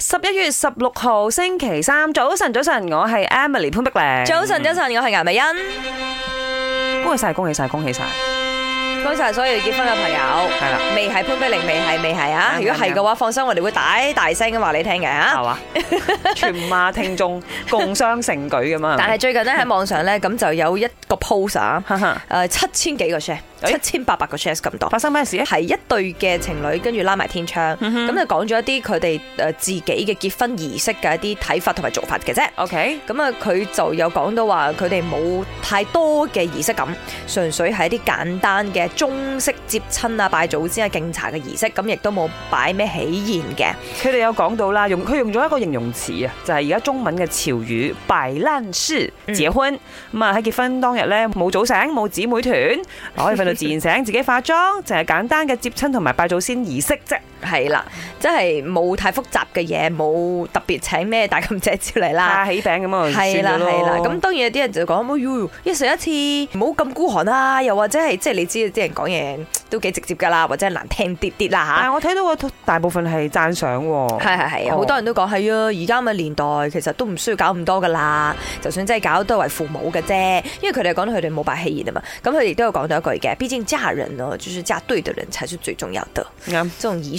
十一月十六號星期三早晨，早晨，我係 Emily 潘碧玲。早晨，早晨，我係顏美欣。恭喜晒，恭喜晒，恭喜晒！恭喜晒！所有要結婚嘅朋友係啦了，未係潘碧玲，未係，未係啊！如果係嘅話，吧放心，我哋會大大聲咁話你吧 聽嘅啊。係嘛？全馬聽眾共襄盛舉噶嘛？但係最近呢，喺網上呢，咁 就有一個 post 啊，七千幾個 share。七千八百個 shares 咁多，發生咩事咧？係一對嘅情侶跟住拉埋天窗，咁就講咗一啲佢哋誒自己嘅結婚儀式嘅一啲睇法同埋做法嘅啫。OK，咁啊佢就有講到話佢哋冇太多嘅儀式感，純粹係一啲簡單嘅中式接親啊、拜祖先啊、敬茶嘅儀式，咁亦都冇擺咩喜宴嘅。佢哋有講到啦，用佢用咗一個形容詞啊，就係而家中文嘅潮語“擺爛式結婚”嗯。咁啊喺結婚當日咧，冇早醒，冇姊妹團，就自然醒，自己化妝，就係簡單嘅接親同埋拜祖先儀式啫。係啦，真係冇太複雜嘅嘢，冇特別請咩大妗姐招嚟啦，啊，起餅咁樣，係啦係啦，咁當然有啲人就講，哎喲，一食一次，唔好咁孤寒啦，又或者係即係你知啲人講嘢都幾直接噶啦，或者係難聽啲啲啦吓。但我睇到我大部分係讚賞，係係係啊，好，哦，多人都講係啊，而家咁嘅年代，其實都唔需要搞咁多噶啦，就算真係搞都係為父母嘅啫，因為佢哋講到佢哋冇擺喜宴噶嘛，咁佢哋都有講到一句嘅，畢竟嫁人咯，就是嫁對嘅人才是最重要的。啊對，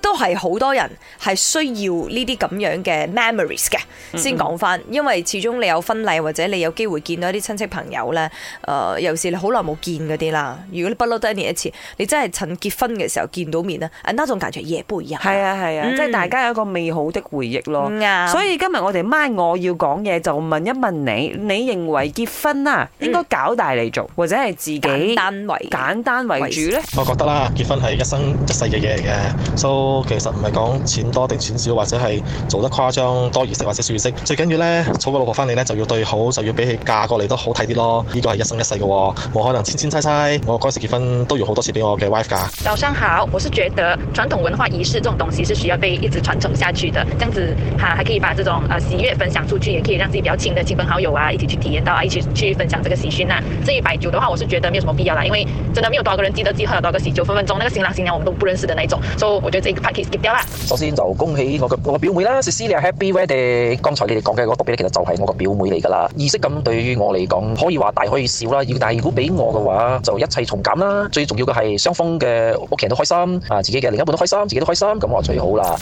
都係好多人係需要呢啲咁樣嘅 memories 嘅，先講翻。因為始終你有婚禮或者你有機會見到啲親戚朋友咧，誒、呃，又是你好耐冇見嗰啲啦。如果你不嬲得一年一次，你真係趁結婚嘅時候見到面咧，那種感覺夜不一樣。係啊係啊，啊嗯、即係大家有一個美好的回憶咯。嗯、所以今日我哋 MY 我要講嘢就問一問你，你認為結婚啊應該搞大嚟做，嗯、或者係自己單為簡單為主咧？我覺得啦，結婚係一生一世嘅嘢嚟嘅，所以其實唔係講錢多定錢少，或者係做得誇張多儀式或者少儀式，最緊要呢，娶個老婆翻嚟呢，就要對好，就要比起嫁過嚟都好睇啲咯。呢個係一生一世噶，冇可能千千差差。我嗰時結婚都有好多錢俾我嘅 wife 噶。早上好，我是覺得傳統文化儀式這種東西是需要被一直傳承下去的，這樣子哈、啊，還可以把這種喜悅分享出去，也可以讓自己比較親嘅親朋好友啊一起去體驗到啊，一起去分享這個喜訊啊。至於擺酒嘅話，我是覺得冇乜必要啦，因為真的沒有多少個人記得自己喝了多少個喜酒，分分鐘那個新郎新娘我們都不認識嘅那種，所以我覺得。拍結結咗啦！首先就恭喜我個我個表妹啦，Cecilia 啊，Happy Wedding！剛才你哋講嘅嗰個特別咧，其實就係我個表妹嚟㗎啦。儀式感咁對於我嚟講，可以話大可以小啦。但係如果俾我嘅話，就一切從簡啦。最重要嘅係雙方嘅屋企人都開心，啊自己嘅另一半都開心，自己都開心，咁我最好啦。